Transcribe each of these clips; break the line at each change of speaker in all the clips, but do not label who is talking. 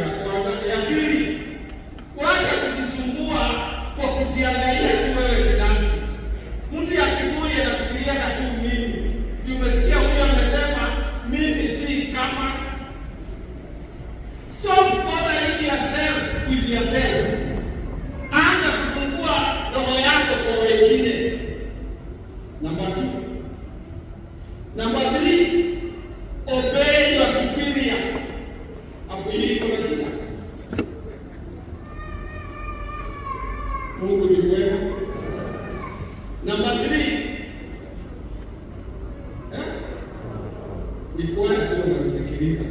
Amen. Eh? ni kuwa unafikirika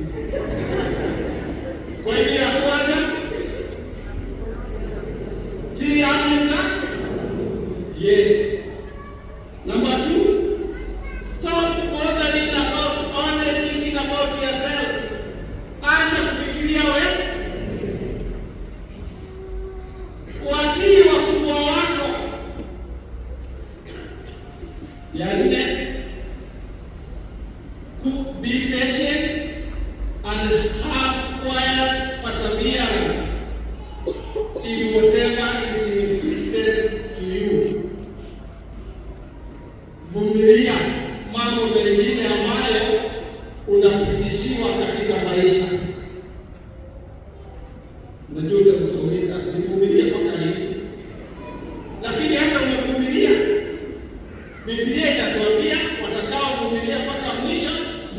Be patient and have quiet perseverance in whatever is inflicted to you. Vumilia mambo mengine ambayo unapitishiwa katika maisha.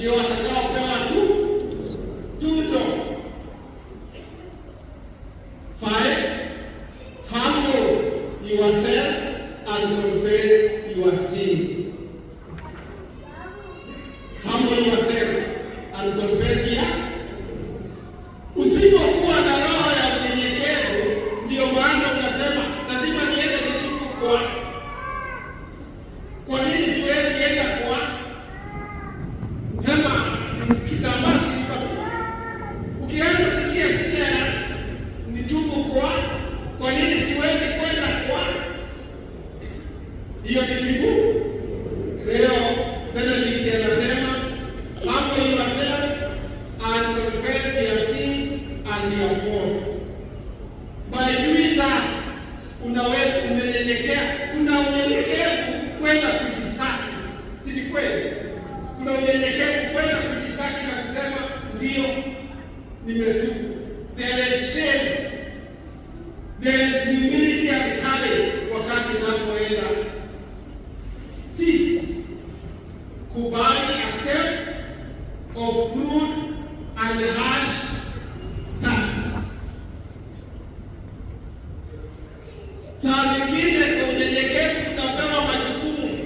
И он family of God. Mwalimika unawe kuna unyenyekevu kwenda kujistaki. Si ni kweli? Kuna unyenyekevu kwenda kujistaki na kusema ndio nimetubu. There is shame. humility and courage wakati unapoenda saa nyingine kwa unyenyekevu tunapewa majukumu.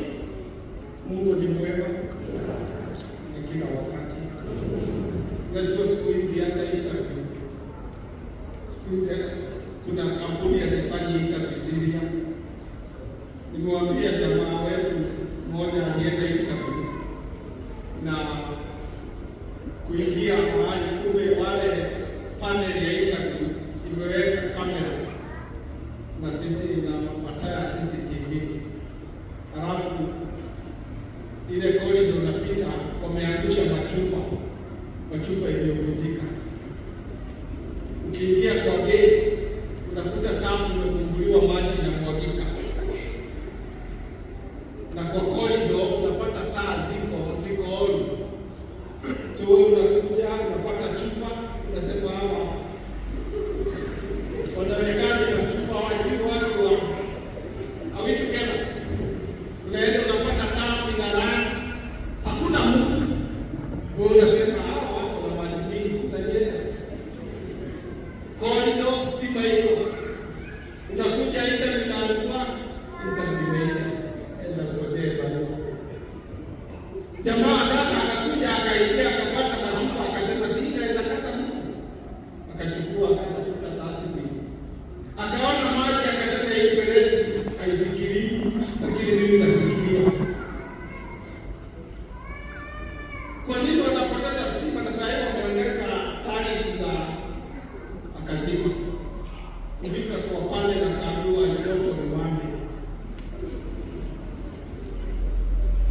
Mungu ni mwema ni kila wakati. Najua siku hizi hata interview siku hizi kuna kampuni hazifanyi interview serious. Nimewambia jamaa wetu mmoja alienda kuchukuliwa maji na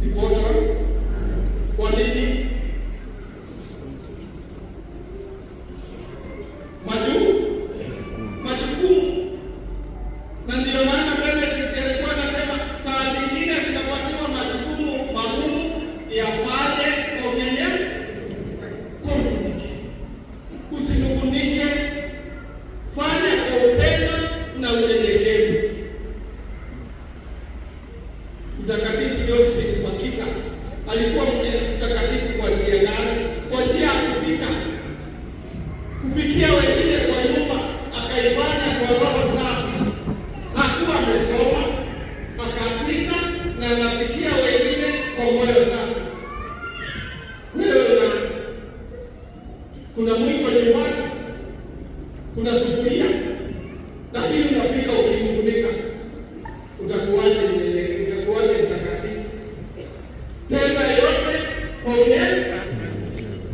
e pôde alikuwa mtakatifu kwa njia gani? Kwa njia ya kupika, kupikia wengine kwa nyumba, akaifanya kwa roho safi. Hakuwa amesoma, akapika na anapikia wengine kwa moyo safi. Wewe kuna mwiko nyumbani, kuna sufuria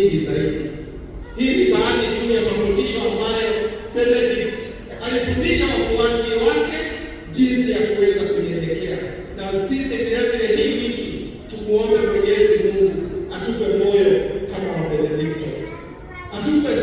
nyingi zaidi. Hii ni baadhi tu ya mafundisho ambayo Benedict alifundisha wafuasi wake jinsi ya kuweza kujielekea, na sisi vile vile hii wiki tumuombe Mwenyezi Mungu atupe moyo kama wa atupe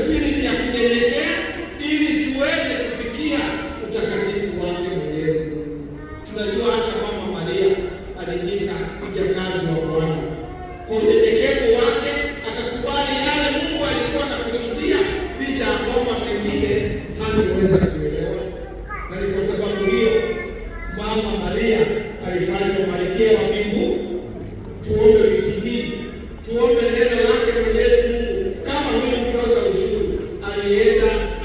David